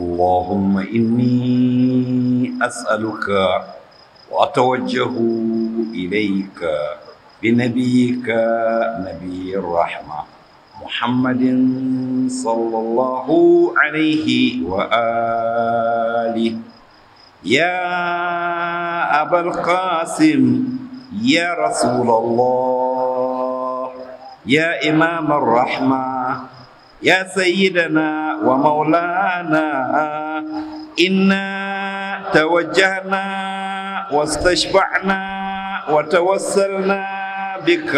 اللهم إني أسألك وأتوجه إليك بنبيك نبي الرحمة محمد صلى الله عليه وآله يا أبا القاسم يا رسول الله يا إمام الرحمة يا سيدنا ومولانا إنا توجهنا واستشبعنا وتوسلنا بك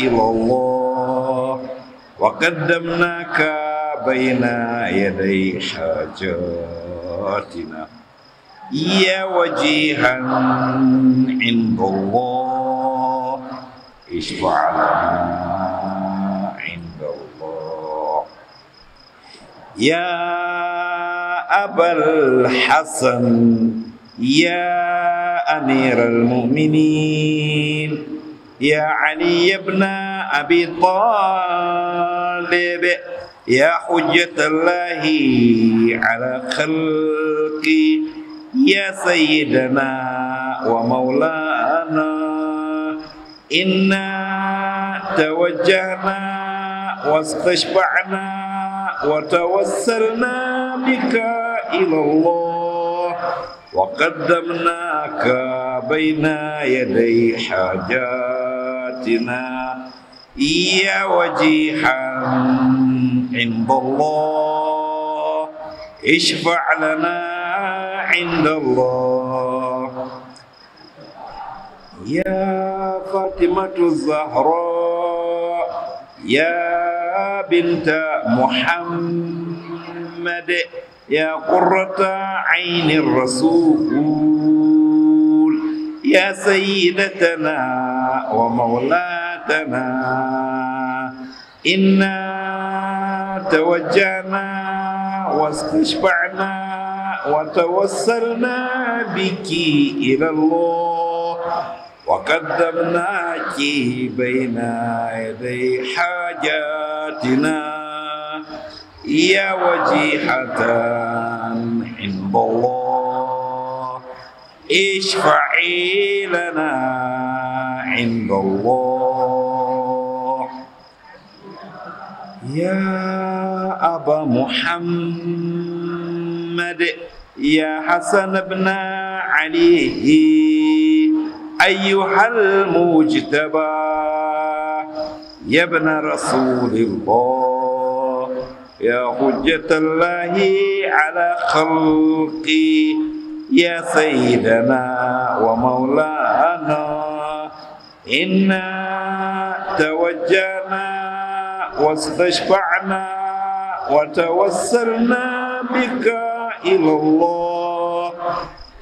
إلى الله وقدمناك بين يدي حاجاتنا يا وجيها عند الله اشفع لنا يا أبا الحسن يا أمير المؤمنين يا علي بن أبي طالب يا حجة الله على خلقي يا سيدنا ومولانا إنا توجهنا واستشفعنا وتوسلنا بك إلى الله وقدمناك بين يدي حاجاتنا يا وجيحا عند الله اشفع لنا عند الله يا فاطمة الزهراء يا بنت محمد يا قرة عين الرسول يا سيدتنا ومولاتنا إنا توجهنا واستشفعنا وتوسلنا بك إلى الله وقدمناك بين يدي حاجاتنا يا وجيحة عند الله اشفعي لنا عند الله يا أبا محمد يا حسن بن علي أيها المجتبى يا ابن رسول الله يا حجة الله على خلقي يا سيدنا ومولانا إنا توجهنا واستشفعنا وتوسلنا بك إلى الله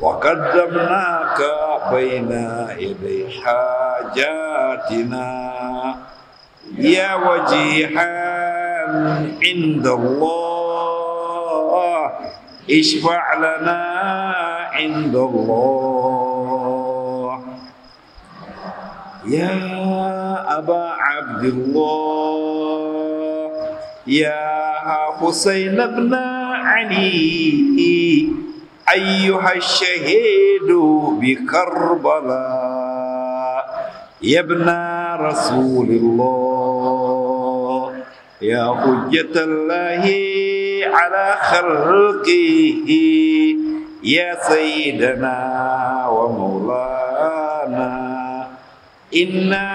وقدمناك بين يدي حاجاتنا يا وجيها عند الله اشفع لنا عند الله يا أبا عبد الله يا حسين بن علي أيها الشهيد بكربلاء يا ابن رسول الله يا حجة الله على خلقه يا سيدنا ومولانا إنا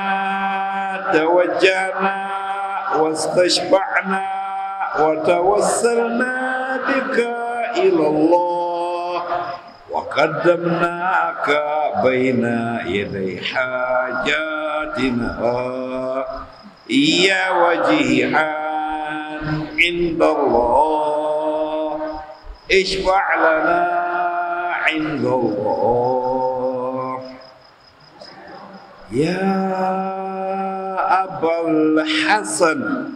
توجهنا واستشفعنا وتوسلنا بك إلى الله وقدمناك بين يدي حاجاتنا يا وجيها عند الله اشفع لنا عند الله يا أبا الحسن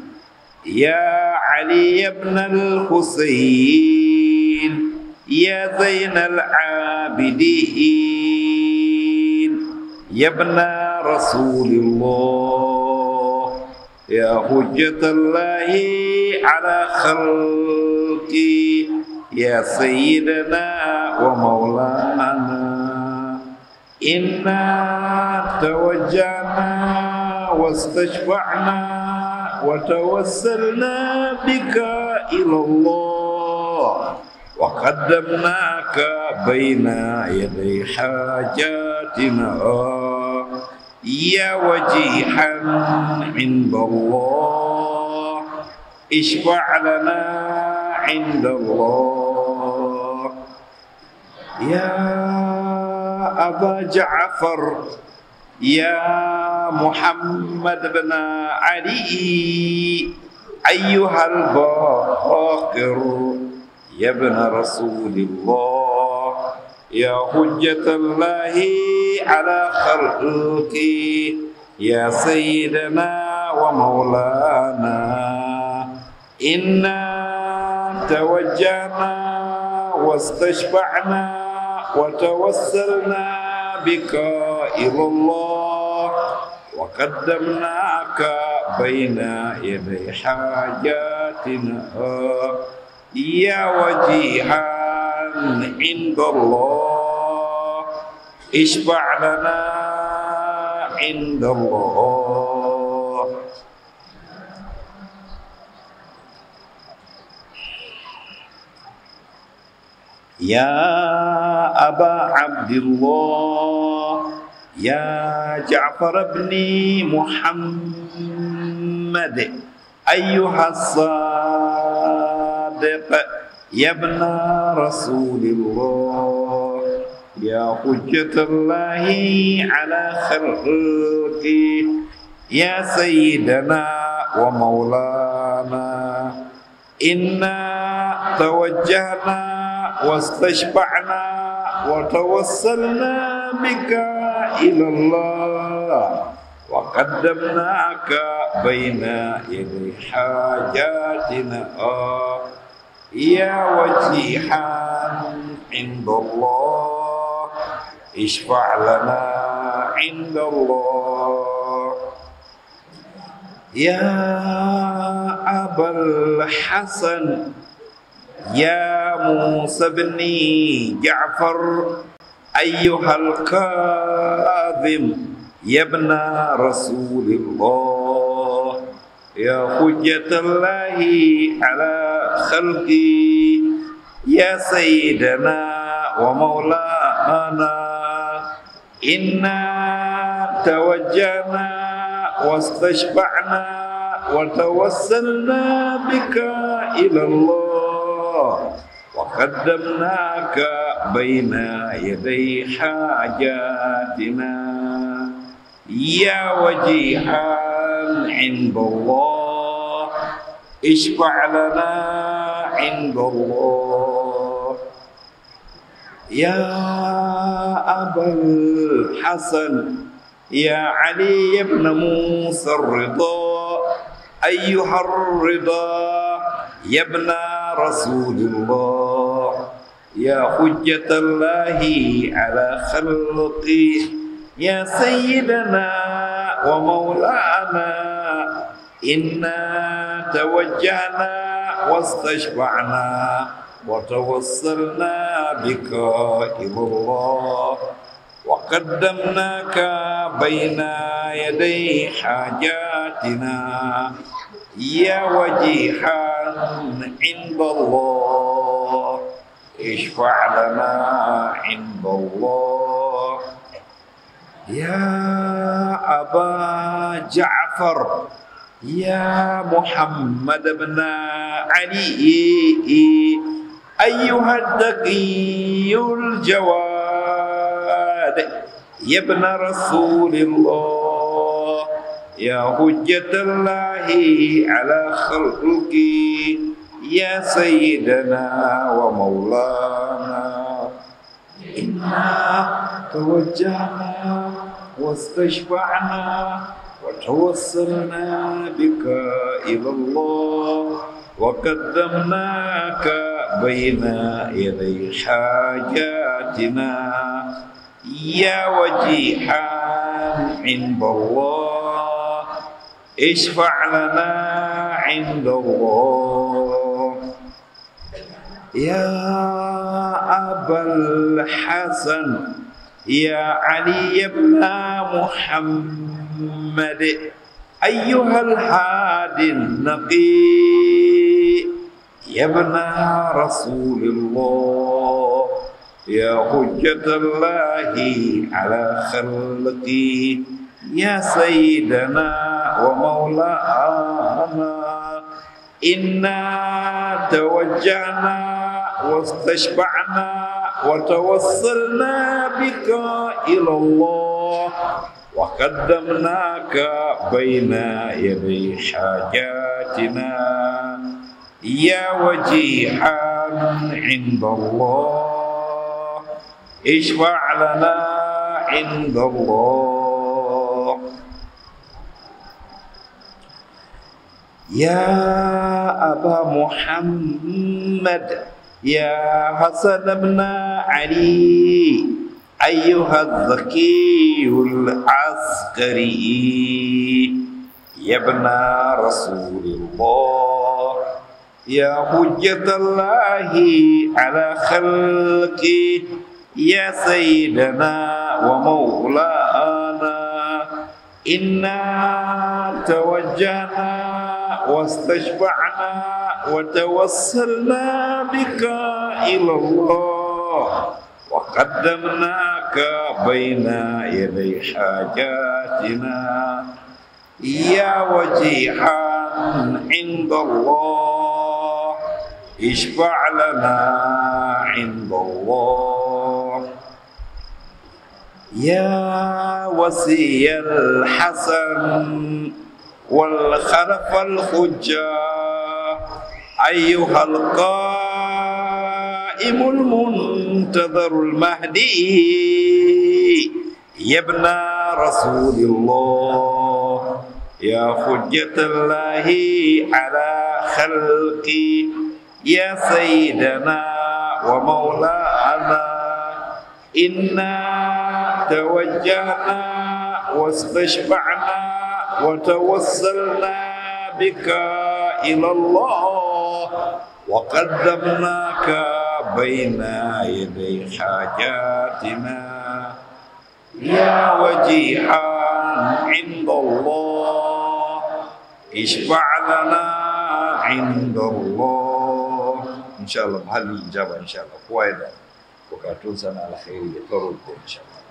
يا علي بن الحسين يا زين العابدين يا ابن رسول الله يا حجة الله على خلقي يا سيدنا ومولانا إنا توجهنا واستشفعنا وتوسلنا بك إلى الله وقدمناك بين يدي حاجاتنا يا وجيحا عند الله اشفع لنا عند الله يا أبا جعفر يا محمد بن علي أيها الباقر يا ابن رسول الله يا حجة الله على خلقه يا سيدنا ومولانا إنا توجهنا واستشفعنا وتوسلنا بك إلى الله وقدمناك بين يدي حاجاتنا يا وجيها عند الله اشفع لنا عند الله يا أبا عبد الله يا جعفر بن محمد أيها الصالح الصادق يا ابن رسول الله يا حجة الله على خلقه يا سيدنا ومولانا إنا توجهنا واستشفعنا وتوسلنا بك إلى الله وقدمناك بين يدي حاجاتنا آه يا وجيحا عند الله اشفع لنا عند الله يا أبا الحسن يا موسى بن جعفر أيها الكاظم يا ابن رسول الله يا حجة الله على خلقي يا سيدنا ومولانا إنا توجهنا واستشفعنا وتوسلنا بك إلى الله وقدمناك بين يدي حاجاتنا يا وجيها عند الله اشفع لنا عند الله يا أبا الحسن يا علي بن موسى الرضا أيها الرضا يا ابن رسول الله يا حجة الله على خلقه يا سيدنا ومولانا إنا توجهنا واستشفعنا وتوصلنا بك إلى الله وقدمناك بين يدي حاجاتنا يا وجيها عند الله اشفع لنا عند الله يا أبا جعفر يا محمد بن علي أيها الدقي الجواد يا ابن رسول الله يا حجة الله على خلقي يا سيدنا ومولانا إنا توجهنا واستشفعنا وتوصلنا بك إلى الله وقدمناك بين يدي حاجاتنا يا وجيحا عند الله اشفع لنا عند الله يا أبا الحسن يا علي بن محمد محمد أيها الحادي النقي يا ابن رسول الله يا حجة الله على خلقه يا سيدنا ومولانا إنا توجعنا واستشبعنا وتوصلنا بك إلى الله وقدمناك بين يدي حاجاتنا يا وجيها عند الله اشفع لنا عند الله يا أبا محمد يا حسن ابن علي أيها الذكي العسكري يا ابن رسول الله يا حجة الله على خلقه يا سيدنا ومولانا إنا توجهنا واستشفعنا وتوسلنا بك إلى الله وقدمناك بين يدي حاجاتنا يا وجيحا عند الله اشفع لنا عند الله يا وسي الحسن والخلف الخجا أيها القائل دائم المنتظر المهدي يا ابن رسول الله يا حجة الله على خلقي يا سيدنا ومولانا إنا توجهنا واستشفعنا وتوسلنا بك إلى الله وقدمناك بين يدي حاجاتنا يا وجيها عند الله اشفع لنا عند الله ان شاء الله هل الاجابه ان شاء الله فوائد وكاتون سنه على خير يطرد ان شاء الله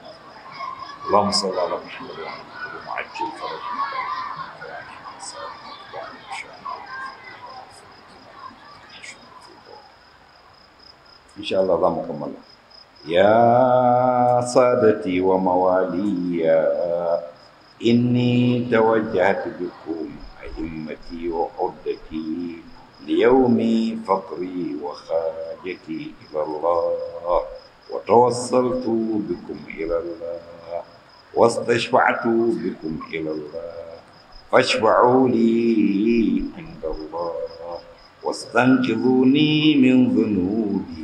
اللهم صل على محمد وعلى اله وعجل فرجنا ان شاء الله ضم الله يا صادتي وموالي إني توجهت بكم أئمتي وحدتي ليومي فقري وخاجتي إلى الله وتوصلت بكم إلى الله واستشفعت بكم إلى الله فاشفعوا لي عند الله واستنقذوني من ذنوبي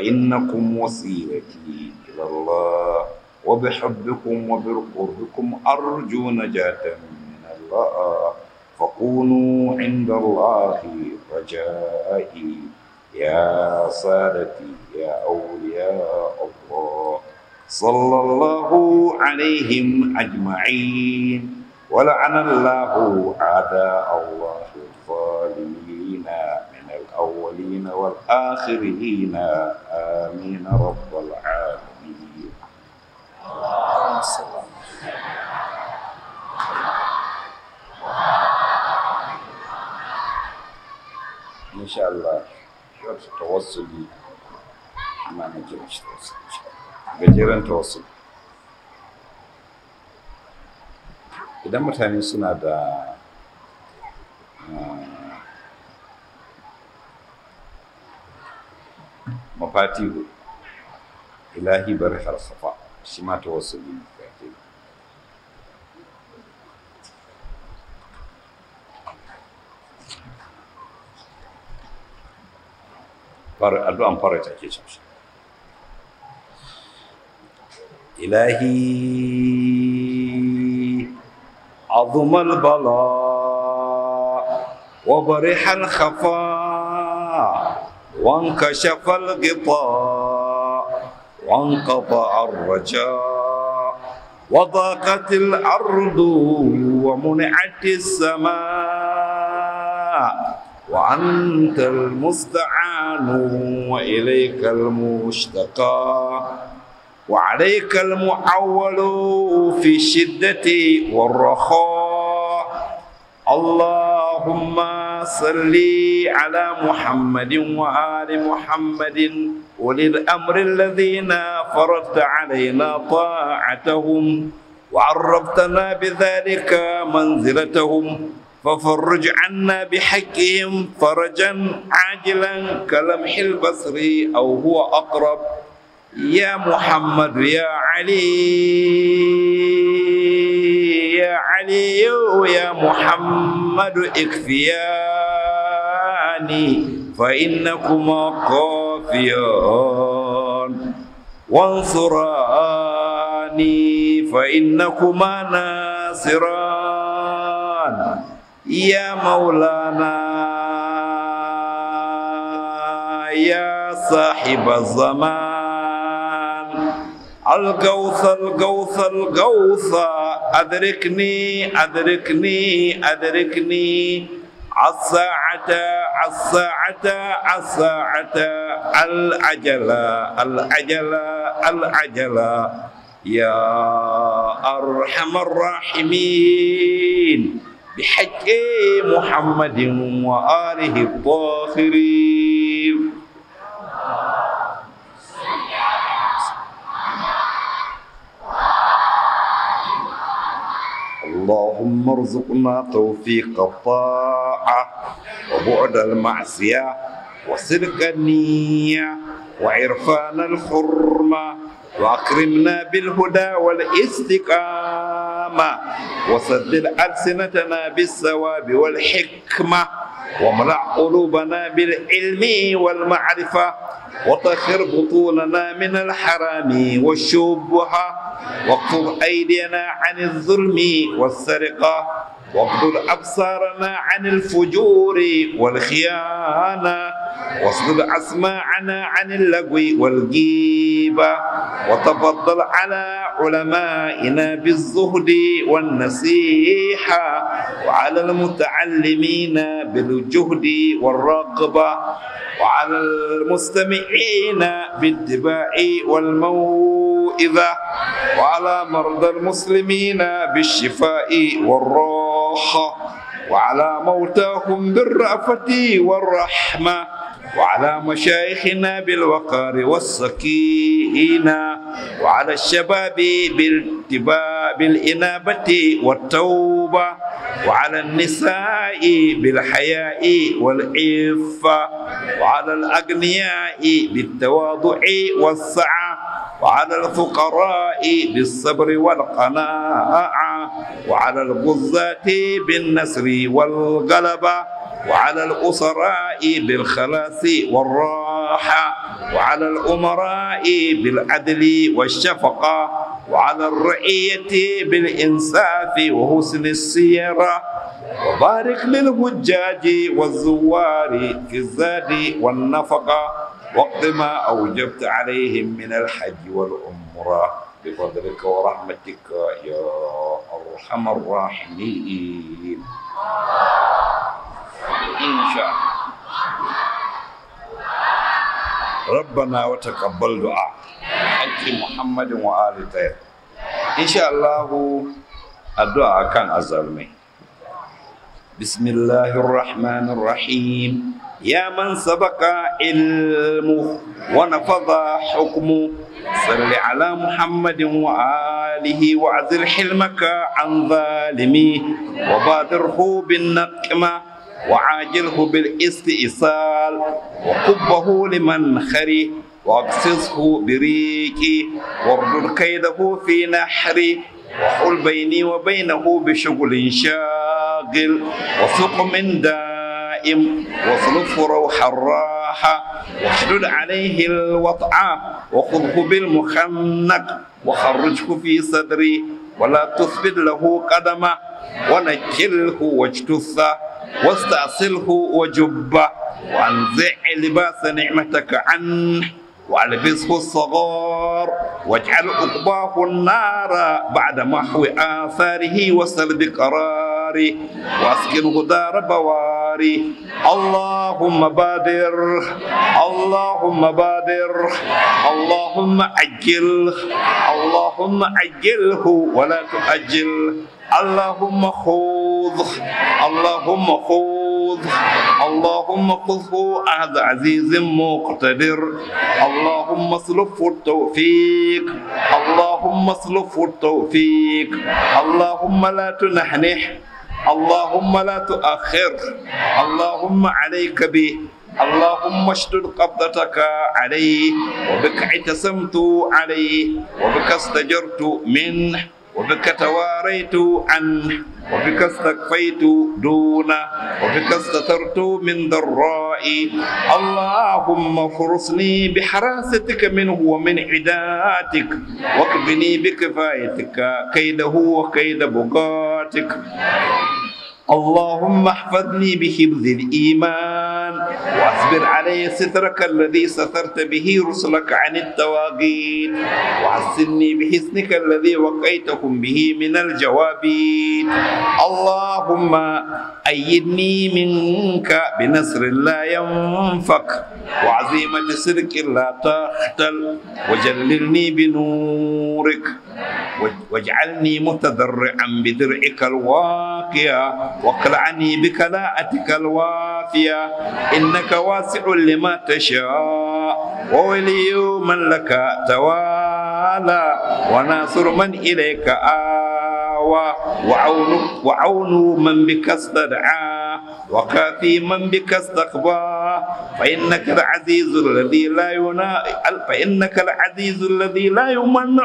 فإنكم وسيلتي إلى الله وبحبكم وبقربكم أرجو نجاة من الله فكونوا عند الله رجائي يا سادتي يا أولياء الله صلى الله عليهم أجمعين ولعن الله أعداء الله الظالمين من الأولين والآخرين آمين رب العالمين السلام إن شاء الله شوف توصلي ما نجمش توصل إن شاء الله gajeren tawassuli idan mutane suna da مفاتيح إلهي برح الصفاء شما توصل بالمفاتيح addu'an fara ta ke can shi ilahi azumal bala wa barihan khafa وانكشف الغطاء وانقطع الرجاء وضاقت الأرض ومنعت السماء وأنت المستعان وإليك المشتقى وعليك المعول في الشدة والرخاء اللهم صل على محمد وآل محمد وللأمر الأمر الذين فرضت علينا طاعتهم وعرفتنا بذلك منزلتهم ففرج عنا بحقهم فرجا عاجلا كلمح البصر أو هو أقرب يا محمد يا علي يا علي يا محمد اكفياني فإنكما قافيان وانصراني فإنكما ناصران يا مولانا يا صاحب الزمان الغوث الغوث الغوث أدركني أدركني أدركني الساعة الساعة الساعة العجلة العجلة العجلة يا أرحم الراحمين بحج محمد وآله الطاهرين اللهم ارزقنا توفيق الطاعة وبعد المعصية وصدق النية وعرفان الحرمة وأكرمنا بالهدى والاستقامة الإمامة وصدر ألسنتنا بالثواب والحكمة واملأ قلوبنا بالعلم والمعرفة وطهر بطوننا من الحرام والشبهة واقفض أيدينا عن الظلم والسرقة واقفض أبصارنا عن الفجور والخيانة واصدق أسماعنا عن اللغو والغيبة وتفضل على علمائنا بالزهد والنصيحة وعلى المتعلمين بالجهد والرغبة وعلى المستمعين بالدباء والموئذة وعلى مرضى المسلمين بالشفاء والراحة وعلى موتاهم بالرأفة والرحمة وعلى مشايخنا بالوقار والسكينة وعلى الشباب بالإنابة والتوبة وعلى النساء بالحياء والعفة وعلى الأغنياء بالتواضع والسعة وعلى الفقراء بالصبر والقناعة وعلى الغزاة بالنصر والغلبة وعلى الأسراء بالخلاص والراحة وعلى الأمراء بالعدل والشفقة وعلى الرعية بالإنصاف وحسن السيرة وبارك للحجاج والزوار في الزاد والنفقة وقت ما أوجبت عليهم من الحج والعمرة بفضلك ورحمتك يا أرحم الراحمين إن شاء ربنا وتقبل دعاء حج محمد وآل طيب إن شاء الله الدعاء كان أزالمي بسم الله الرحمن الرحيم يا من سبق علمه ونفض حكمه صل على محمد وآله وعزل حلمك عن ظالمي وبادره بالنقمه وعاجله بالاستئصال وكبه لمن خري واقصصه بريكي واردد كيده في نحري وحل بيني وبينه بشغل شاغل وثق من دائم واصرف روح الراحة واشدد عليه الوطعة وخذه بالمخنق وخرجه في صدري ولا تثبت له قدمه ونجله واجتثه واستأصله وجبه وأنزع لباس نعمتك عنه والبسه الصغار واجعل أقباه النار بعد محو آثاره وسلب قراره واسكنه دار بواره اللهم بادر اللهم بادر اللهم أجل اللهم أجله ولا تؤجل اللهم خذ خوض اللهم خوض اللهم خذه أحد عزيز مقتدر اللهم اصرفه التوفيق اللهم اصرفه التوفيق اللهم لا تنحنح اللهم لا تؤخر اللهم عليك به اللهم اشدد قبضتك عليه وبك اعتصمت عليه وبك استجرت منه وبك تواريت عنه وبك استكفيت دونه وبك استترت من ضرائي اللهم فرصني بحراستك منه ومن عداتك واكبني بكفايتك كيده وكيد بقاتك اللهم احفظني بحفظ الإيمان واصبر علي سترك الذي سترت به رسلك عن التواغيت وحسني بحسنك الذي وقيتكم به من الجوابين اللهم أيدني منك بنصر لا ينفك وعزيمة سرك لا تختل وجللني بنورك واجعلني متضرعا بدرعك الواقية واقلعني بكلاءتك الوافية إنك واسع لما تشاء وولي من لك توالى وناصر من إليك آوى وعون, وعون من بك استدعى وكافي من بك استقبال فإنك العزيز الذي لا ينا فإنك العزيز الذي لا يمنع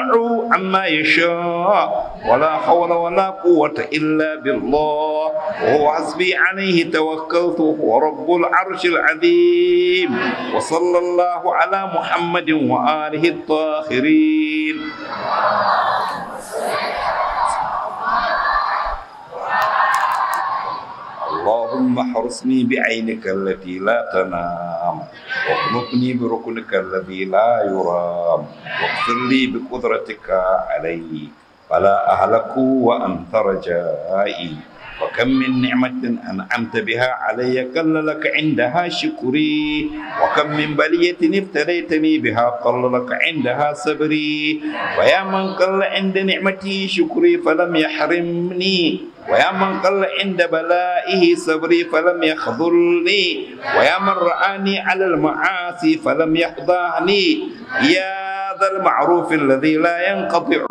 عما يشاء ولا حول ولا قوة إلا بالله وهو حسبي عليه توكلت وهو رب العرش العظيم وصلى الله على محمد وآله الطاهرين اللهم احرسني بعينك التي لا تنام واخلقني بركنك الذي لا يرام واغفر لي بقدرتك علي فلا أهلك وأنت رجائي وكم من نعمة أنعمت بها علي قل لك عندها شكري وكم من بلية ابتليتني بها قل لك عندها صبري ويا من قل عند نعمتي شكري فلم يحرمني ويا من قل عند بلائه صبري فلم يخذلني ويا من رآني على المعاصي فلم يحضاني يا هذا المعروف الذي لا ينقطع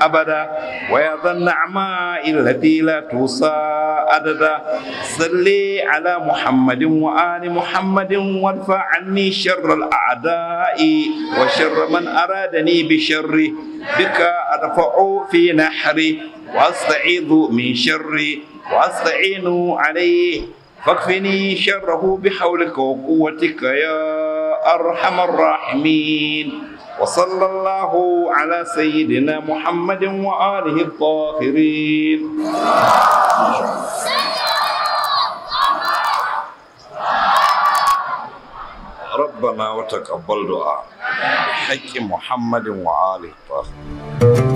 أبدا ويا ذا النعماء التي لا توصى أددا صل على محمد وآل محمد وارفع عني شر الأعداء وشر من أرادني بشري بك أدفع في نحري وأستعيذ من شري وأستعين عليه فاكفني شره بحولك وقوتك يا أرحم الراحمين وصلى الله على سيدنا محمد وآله الطاهرين ربنا وتقبل دعاء بحق محمد وآله الطاهرين